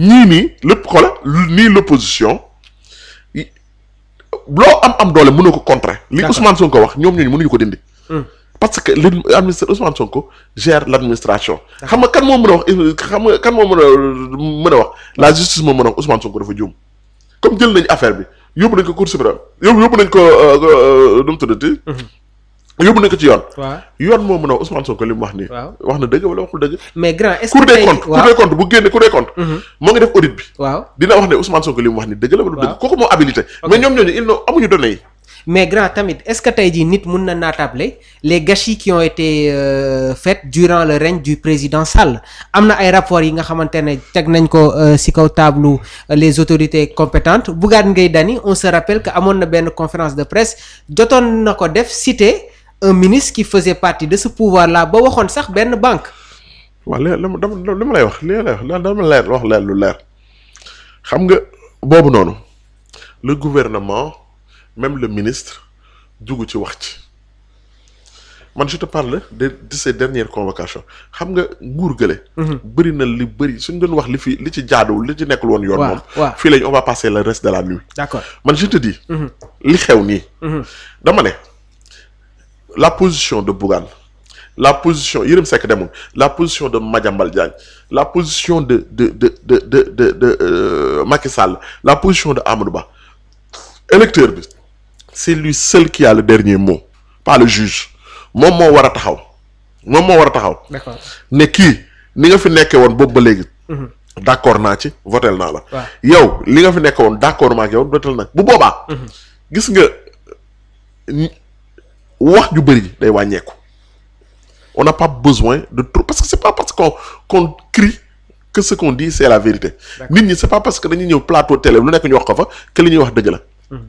ñii nii lépp xoola nii l'opposition loo am am doole mënoo ko contrer li Ousmane ko wax ñoom ñooñu mënuñu ko dindi hmm. parce que l'administration Ousmane ko gère l'administration xam nga kan moo mën a wax xam nga kan moo mën a mën a wax la justice moo mën a wax Ousmane Sonko dafa juum comme jël nañu affaire bi yóbbu nañ ko cour suprême yóbbu yóbbu nañ ko euh, euh, nu mu tuddati hmm. yóbbu na ci yoon. yoon moo mën a Ousmane Sonko li wax nii. wax na dëgg wala waxul dëgg. mais grand est-ce que cour des comptes cour des comptes bu génne cour des mhm. na naatable les gâchis qui ont été euh, faits durant président Sall am na ay rapports yi nga xamante ne teg nañ ko euh, ci kaw tableau euh, les autorités compétentes Bougane Gueye Dany on se rappelle que amoon na benn conférence de presse jotoon na ko def cité un ministre qui fase partie de ce pouvoir là ba waxoon sax benn banque. waaw li dama dama lay wax li lay wax dama leer wax leer lu leer xam nga boobu noonu le gouvernement même le ministre dugg ci wax ci man je te parle de de ces dernières convocations xam nga nguur gële. Mhm. bëri na li bari suñ doon wax li fi li ci jaaduwul li ci nekkul woon. yoon moom fii lañ on va passer le reste de la nuit. d'accord man je te mhm. li xew nii. Mhm. dama ne. la position de Bougane la position Yérim sekk demul la position de Madiambal Diagne la position de de de de de de de euh, Sall la position de Amadou Ba électeur bi c'est lui seul qui a le dernier mot pas le juge moom moo war a taxaw moom moo war a taxaw. d'accord ni nga fi nekke woon boobu ba léegi. Mhm. d'accord naa ci votel naa la. yow li nga fi nekk woon d'accord ma ak yow votel nag bu boobaa. Mhm. gis nga. wax ju bëri day wàññeeku on n'a pas besoin de trop parce que c'est pas parce qu'on qu'on crie que ce qu'on c'est la vérité nit ñi c'est pas parce que dañuy ñëw plateau télé lu nekk ñu wax ko fa que li ñuy wax dëgg la hmm.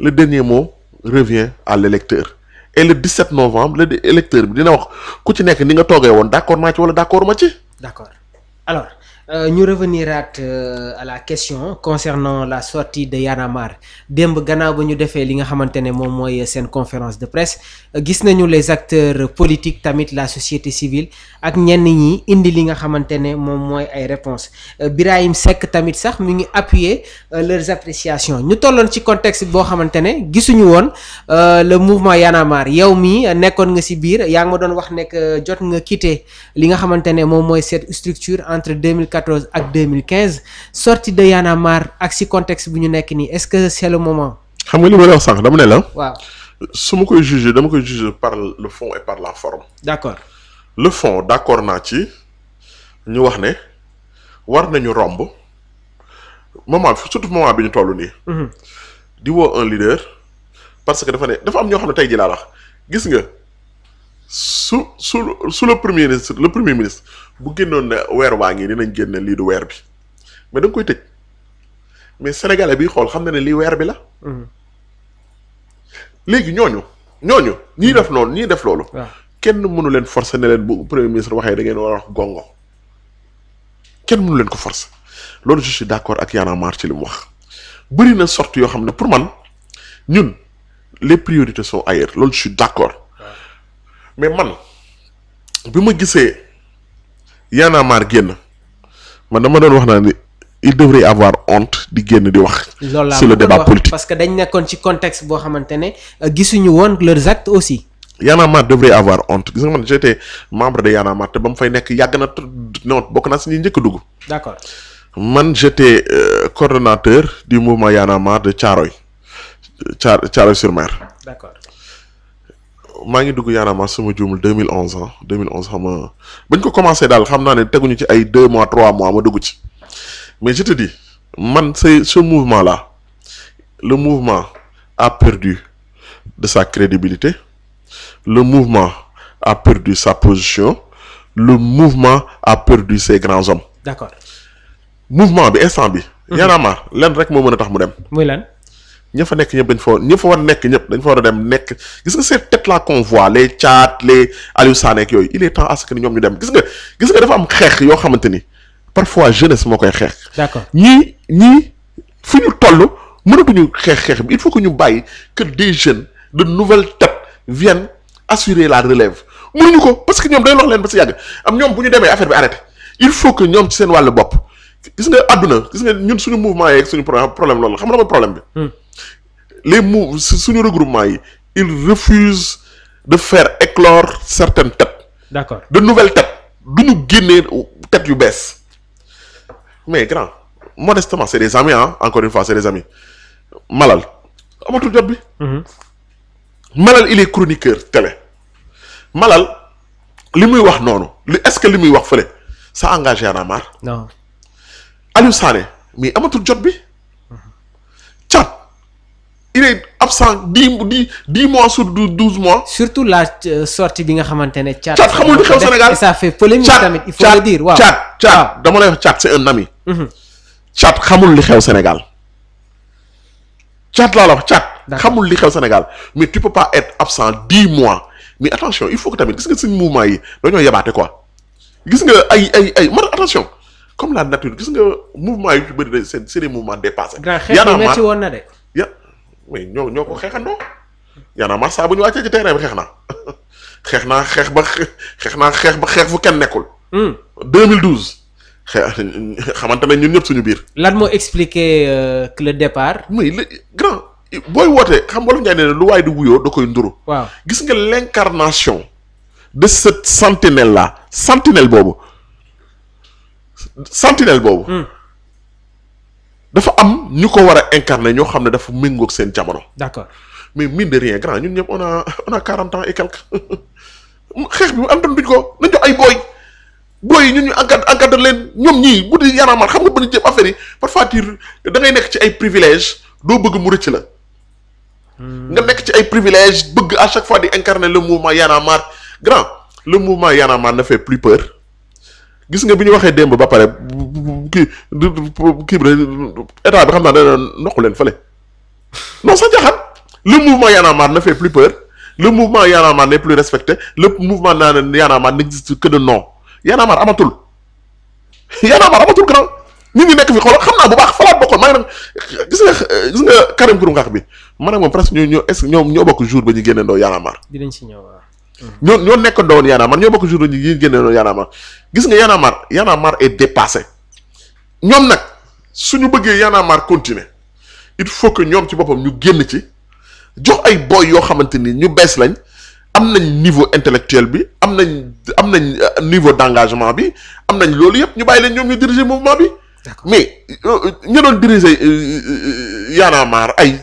le dernier mot revient à l'électeur et le 17 novembre le électeur bi dina wax ku ci nekk ni nga toogee woon d'accord naa ci wala d'accord ma ci d'accord alors Euh, ñu revenir at euh, à la question concernant la sortie de Y'en a démb gannaaw ba ñu defee li nga xamante ne moom mooy seen conférence de presse euh, gis nañu les acteurs politiques tamit la société civile ak ñenn ñi indi li nga xamante ne moom mooy ay réponses Birahim sekk tamit sax mu ngi appuyer leurs appréciations ñu tolloon ci contexte boo xamante ne gisuñu woon le mouvement Y'en yow mii nekkoon nga ci biir yaa ngi ma doon wax nekk jot nga quitter li nga xamante ne moom mooy cette structure 2014 ak 2015 sortie de Y'en a marre ak si contexte bu ñu nekk nii est-ce que c'est le moment. xam nga li ma la wax sànq dama ne la. waaw su ma koy juger dama koy juger par le fond et par la forme. d'accord le fond d'accord naa ci ñu wax ne war nañu romb moment surtout moment bi ñu toll nii. Mhm. di un leader parce que dafa ne dafa am ñoo xam ne tey jii laa gis nga. su su su le premier ministre le premier ministre bu génnoon ne weer waa ngi dinañ génne lii du weer bi mais da nga koy tëj mais sénégalais bi xool xam na ne lii weer bi la. Mhm. léegi ñooñu ñooñu ñii def noonu ñii def loolu. kenn mënu leen forcer ne leen bu premier ministre waxee da ngeen war a wax gongo kenn mënu leen ko force loolu je suis d'accord ak Y'en a marre ci li mu wax bëri na sorte yoo xam ne pour man ñun les priorités sont ailleurs loolu je suis d'accord. mais man bi ma gisee Y'en a marre génn man dama doon wax naa ni il devrait avoir honte di génn di wax. sur le débat politique parce que dañ nekkoon ci contexte boo xamante ne euh, gisuñu woon leurs actes aussi. Y'en a marre avoir honte gis nga man j'étais membre de Y'en a marre te ba mu fay nekk yàgg na non bokk naa si ñi njëkk a dugg. d'accord man j'étais euh, coordonnateur du mouvement Y'en de Thiaroye Thiaroye sur Mer. d'accord. maa ngi dugg yaanaama suma juumul deux mille onze ah deux mille onze xam nga bañ ko commencé daal xam naa ne teguñu ci ay deux mois trois mois ma dugg ci mais je te dis man c'est ce mouvement là le mouvement a perdu de sa crédibilité le mouvement a perdu sa position le mouvement a perdu ses grands hommes. d'accord mouvement bi instant bi. Mhm. yaanaama lenn rek moo mën a tax mu dem. muy lan. ña fa nekk ñëpp dañ fa ña fa war nekk ñëpp dañ fa war a dem nekk gis nga ces têtes là qu'on voit les Tchad Aliou Sané ak yooyu il est temps à ce que ñoom ñu dem gis nga gis nga dafa am xeex yoo xamante ni parfois jeunesse moo koy xeex. d'accord ñii ñii fi ñu toll mënatuñu xeex xeex bi il faut que ñu bàyyi que des jeunes de nouvelles têtes viennent assurer la relève mënuñu ko parce que ñoom day lox leen ba si yàgg am ñoom bu ñu demee affaire bi arrêté il faut que ñoom ci seen wàllu bopp gis nga àdduna gis nga ñun xam nga mooy bi. Hmm. les mou suñu regroupement yi ils refusent de faire éclore certaines têtes. d'accord de nouvelles têtes du ñu génnee têtes yu bees mais grand modestement c'est des amis ah encore une fois c'est des amis Malal amatul jot bi. Mhm. Malal il est chroniqueur télé. Malal li muy wax noonu li est-ce que li muy wax fële ça engage Y'en a marre. Aliou Sané mais amatul jot bi. il est absent dix dix dix mois sur douze mois. la euh, sortie bi nga xamante ne. Thiat xamul lu xew Sénégal dama lay wax Thiat c'est un ami. Mhm. Thiat xamul li xew Sénégal. Thiat laa la wax Thiat. xamul li xew Sénégal mais tu peux pas être absent dix mois mais attention il faut que tamit gis nga suñu mouvement yi dañoo yabaate quoi. gis nga ay ay ay man attention comme la nature gis nga mouvement yu ci bëri de c'est des mouvements dépassés. yaa naa ma grand xeetu na de. mais ñoo ñoo ko xeexandoo yaana ma saa bu ñu wàccee ci terrain bi xeex naa xeex naa xeex ba xeex naa xeex ba xeex fu kenn nekkul. 2012. Hmm. xamante ne ñun ñëpp suñu biir. lan moo expliquer euh, que le départ. muy grand booy wootee xam wolof Ndiaye ne lu waay di wuyoo da koy nduru. waaw gis nga l'incarnation de cette sentinelle là sentinelle boobu sentinelle boobu. Hmm. dafa am ñu ko war a incarner ñoo xam ne dafa méngoog seen jamono. d'accord mais mine de rien grand ñun ñëpp on a on a quarante ans et xeex bi mu am duñ ko nañ jox ay booy booy yi ñun ñu encadre encadre leen ñoom ñii bu di yaramar xam nga bëgg jëm affaire yi parfois tu da ngay nekk ci ay privilèges doo bëgg mu rëcc la. Hmm. nga nekk ci ay privilèges bëgg à chaque fois di incarner le mouvement Y en a marre grand le mouvement Y en a marre fait plus peur. gis nga bi ñu waxee démb ba pare kii kii bi état bi xam naa ne noqu leen fële non sax jaxat le mouvement Y en a marre ne fait plus peur le mouvement Y en a marre n'est plus respecté le mouvement Y en n'existe que de nom Y en a marre amatul Y a marre amatul grand nit ñi nekk fi xoolal xam naa bu baax falaat bokkoon maa ngi nag gis nga gis nga Karim Xrum Xax bi man ak moom presque ñu ñu ñoo bokk jour ba ñu génneendoo Y en a ñoo ñoo nekk doon Y'en a marre ñoo bokk jour yi ñu génne doon Y'en gis nga Y'en a marre Y'en a marre est dépassé ñoom nag su ñu bëggee Y'en a marre continuer il faut que ñoom ci boppam ñu génn ci jox ay boy yoo xamante ni ñu bees lañ am nañ niveau intellectuel bi am nañ am nañ euh, niveau d'engagement bi am nañ loolu yëpp ñu bàyyi leen ñoom ñu diriger mouvement bi. mais euh, euh, ñu doon diriger Y'en ay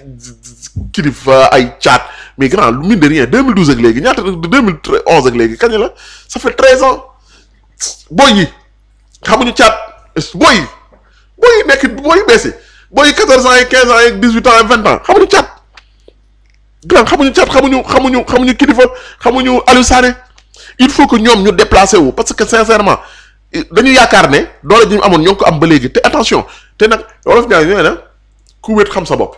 kilifa ay caat. mais grand mine de rien 2012 ak léegi ñaata 2011 ak léegi kañ la ça fe 13 ans booy yi xamuñu caat booy yi booy yi nekk booy yu bees yi booy yi 14 ans yi 15 ans yi 18 ans yi 20 ans xamuñu caat grand xamuñu caat xamuñu xamuñu xamuñu kilifa xamuñu Aliou il faut que ñoom ñu déplacé wu parce que sincèrement dañu yaakaar ne doole ji ñu amoon ñoo ko am ba léegi te attention te nag wolof ñaar ñooy na ku wéet xam sa bopp.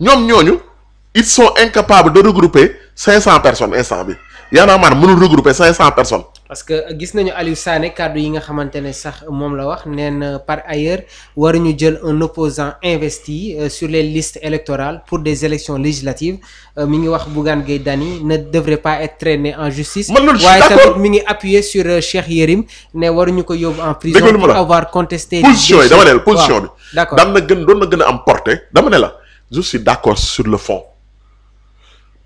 ñoom ñooñu. il sont incapables de regrouper cinq cent personnes instant bi Y en a marre mënul regrouper cinq cent personnes parce que gis nañu Aliou Sané kàddu yi nga xamante ne sax moom la wax nee na par ailleurs waruñu jël un opposant investi euh, sur les listes électorales pour des élections législatives euh, mi ngi wax Bougane Gueye Dany ne devrait pas être traîné en justice waaye tamit mi ngi appuyé sur euh, Cheikh Yérim ne waruñu ko yóbbu en prison pour avoir contesté position yi dama gën doon na a am portée dama sur le fond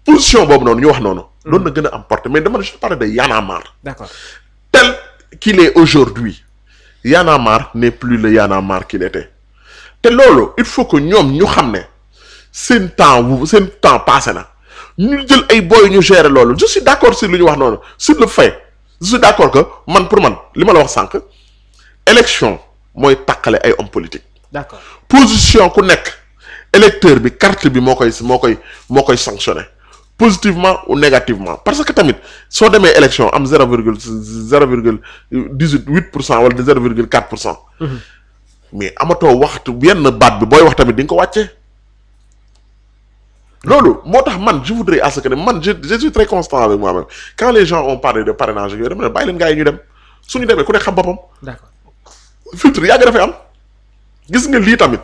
position boobu noonu ñu wax noonu. loolu na gën a am porte mais dama je te parle de Y'en a marre. d'accord tel qu'il est aujourd'hui Y'en a marre n'est plus le Y'en qu'il était te loolu il faut que ñoom ñu xam ne seen temps wu seen temps passé na ñu jël ay booy ñu gérer loolu je suis d'accord si lu ñu wax noonu sur le fay je suis d'accord que man pour man li ma la wax sànq élection mooy tàqale ay hommes politiques. d'accord position ku nekk électeur bi carte bi moo koy moo koy moo koy sanctionné. positivement ou négativement parce que tamit soo demee élection am zéro virgule zéro virgule dix huit pour cent wala zéro virgule quatre pour cent. Mhm. mais amatoo waxtu yenn baat bi booy wax tamit di nga ko wàccee. loolu moo tax man je voudrais à ce que man je je suis très constant avec moi-même quand les gens ont parlé de parrainage yooyu dama ne bàyyi leen gars yi ñu dem suñu demee ku ne xam boppam. d'accord filtre yàgg dafay am gis nga lii tamit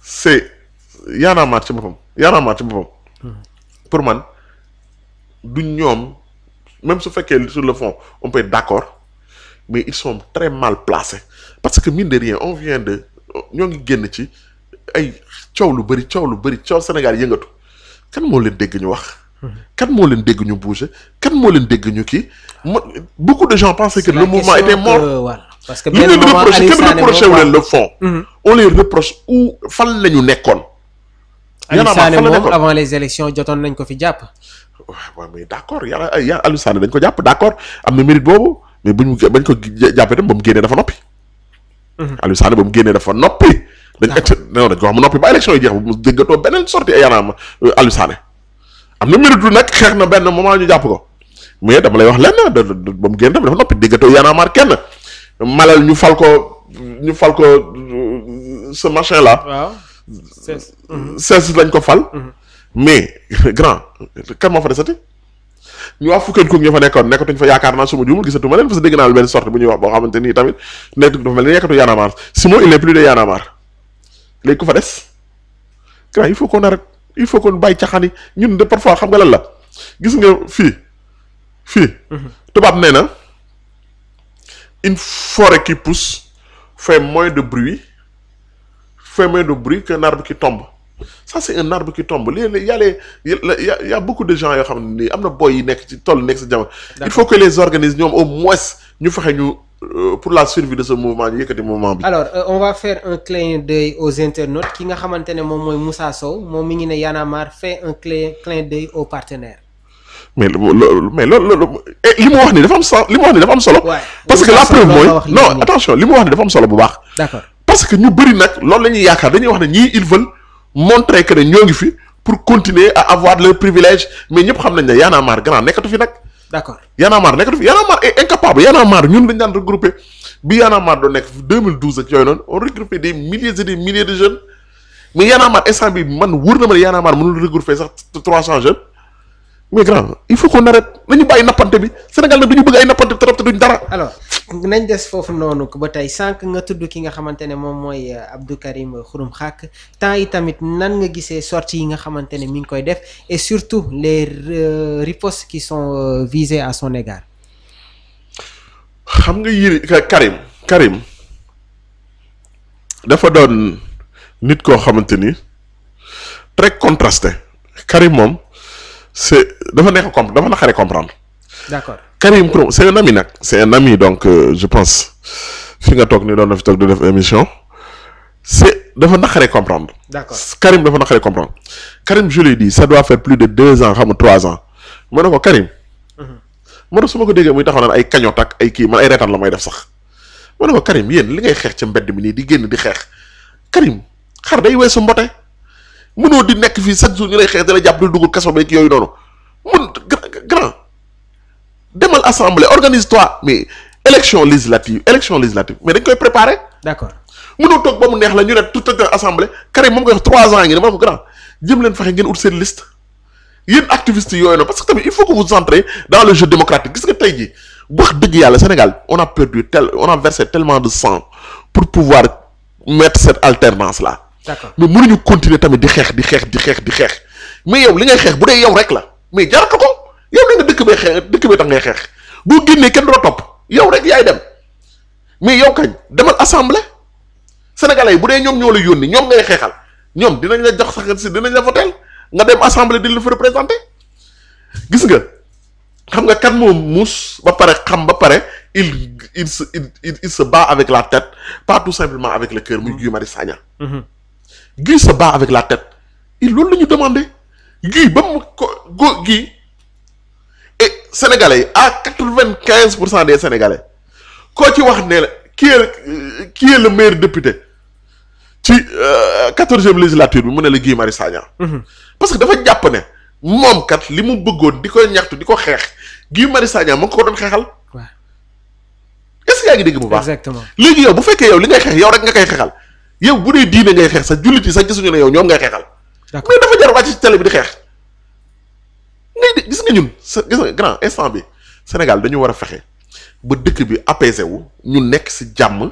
c'est yaanaamaat ci boppam yaanaamaat ci boppam. Mhm. pour man du ñoom même su fekkee sur le fond on peut être d'accord mais ils sont très mal placés parce que mine de rien on vient de ñoo ngi génn ci ay coow lu bëri coow lu bëri coow Sénégal yëngatu kan moo leen dégg ñu wax. kan moo leen dégg ñu bouger kan moo leen dégg ñu kii ma beaucoup de gens pensaient que le mouvement était mort que, voilà. parce que benn moment leen kenn reproché wu leen le fond. Mhm. on les reproche où fan la ñu nekkoon. Aliou Sané moom avant les élections jotoon nañ ko fi jàpp. waaw mais d' accord yàlla euh, ay Aliou Sané ko jàpp d' accord am na mérite boobu mais buñ bañ ko jàppee tam ba mu génnee dafa noppi. Mhm. mu génnee dafa noppi. dañ ex non dañ ko wax mu noppi ba élection yi jeex ba mu déggatoo beneen sortie ay yaanaam euh, Aliou am na mérite lu nekk xeex na benn moment ñu jàpp ko mais dama lay wax lenn da ba mu génn tam dafa noppi déggatoo yaanaamaar kenn malal ñu fal ko ñu fal ko euh, ce machin là. seize euh, seize lañ ko fal. mais grand kan moo fa desati. ñu waa fukkeen ñoo fa nekkoon nekkatuñ fa yaakaar naa suma juumul gisatuma leen parce que dégg naa lu benn sorte bu ñuy wax boo xamante nii tamit nekk dafa mel ni nekkatu Y'en Simon il est plus de Y'en a marre ku fa des grand il faut qu'on arrête il faut qu'on bàyyi caxaan yi ñun de parfois xam nga lan la gis nga fii fii mhm. tubaab nee na une forêt qui pousse moins de bruit fait moins de bruit qu'un arbre qui tombe ça c'est un arbre qui tombe léeg-léeg a les y, yoo xam ne nii am na boy yi nekk ci toll nekk si jamono il faut que les organismes euh, pour la survie de ce mouvement ñu yëkkati mouvement euh, ki nga xamante ne moom mooy Moussa Sow moom mi ngi ne Y'en a marre fait un clin clin d'œil eh, li mu wax ni dafa am solo li mu wax ni dafa am solo parce que non attention li mu wax ni dafa am solo bu baax d'accord parce que ñu bëri nag loolu la ñuy yaakaar dañuy wax ne ñii ils veulent montrer que ne ñoo ngi fi pour continuer à avoir leur privilège mais ñëpp xam nañ ne Y'en a grand nekkatu fi nag. d'accord Y'en a nekkatu fi Y'en a ñun dañ daan regrouper bi Y'en a doon nekk 2012 ak yooyu noonu on regroupait milliers et milliers de jeunes mais Y'en a marre man wóor na ma ne Y'en a marre regrouper sax 300 jeunes mais grand il faut nañ des foofu noonu ba tey sànq nga tudd ki nga xamante ne moom mooy euh, Abdou Karim Xurum Xàkk temps yi tamit nan nga gisee sorties yi nga xamante ne mi ngi koy def et surtout les euh, ripostes qui sont euh, visées à son égard. xam nga yiri Karim Karim dafa doon nit koo xamante ni très contrasté Karim moom c'est dafa neex a comp dafa naqare comprendre. d'accord. Karim Xrum c'est un ami nag c'est un ami donc euh, je pense fi nga toog ni doon na fi toog di def émission c'est dafa naqaree comprendre. d'accord Karim dafa naqaree comprendre Karim je l'ai dit ça doit faire plus de deux ans xam nga trois ans ma ne ko Karim. moo mhm. tax su ma ko déggee muy taxaw naan ay kañot ak ay kii man ay reetaan la may def sax ma ne ko Karim yéen li ngay xeex ca mbedd mi nii di génn di xeex Karim xar day weesu mbote mënoo di nekk fii chaque jour ñu lay xeex dala jàpp di dugg kaso beeg yooyu demal assemblée organise-toi mais élection législative élection législative mais dañ koy préparer. d'accord mënoo toog ba mu neex la ñu tout à assemblée Karim moom nga wax trois ans ngi ne ma ko grand jëm leen fexe ngeen ut seen liste yéen activistes yooyu noonu parce que tamit il faut que vous entrez dans le jeu démocratique gis nga tey jii wax dëgg yàlla Sénégal on a perdu tel on a versé tellement de sang pour pouvoir mettre cette alternance là. d'accord tamit di xeex di xeex di xeex di xeex mais yow li ngay xeex bu dee yow rek la yow da nga dëkk bee xeex dëkk bee tax ngay xeex boo génnee kenn doo topp yow rek yaay dem mais yow kañ demal assemblée sénégalais yi bu dee ñoom ñoo la yónni ñoom ngay xeexal ñoom dinañ la jox sax si dinañ la voteel nga dem assemblée di la fa représenté gis nga xam nga kan moom muus ba pare xam ba pare il il se il avec la tête pas tout simplement avec le cœur muy Guy Marius Sagna. Mm-hmm. Guy se bat avec la tête il loolu la ñu demandé Guy ba mu ko Guy. sénégalais yi à quatre vingt quinze pour cent des sénégalais koo ci wax ne la qui est qui est le meilleur député ci euh, quatorzième législature bi mu ne la Guy Marius Sagna. Mhm. parce que dafa jàpp ne moom kat li mu bëggoon di ko ñaxtu di ko xeex gii Marius Sagna ma ko doon xeexal. est-ce que yaa ngi dégg bu baax exactement léegi yow bu fekkee yow li ngay xeex yow rek nga koy xeexal yow bu dee diine ngay xeex sax jullit yi sax gisuñu ne yow ñoom ngay xeexal. mais dafa jar wàcc ci télé bi di xeex. ngay gis nga ñun sa gis grand instant bi Sénégal dañu war a fexe ba dëkk bi apaisé wu ñu nekk si jàmm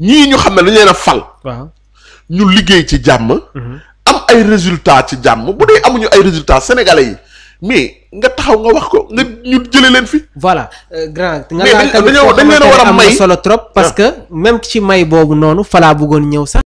ñii ñu xam ne dañu leen a fal. waaw ñu liggéey ci jàmm. Mhm. am ay résultats ci jàmm bu dee amuñu ay résultat sénégalais yi mais nga taxaw nga wax ko nga ñu jëlee leen fi. voilà euh, grand. nga laaj tamit dañu leen a war a may solo trop. parce ah. que même ci may boobu noonu falaa bëggoon ñëw sax.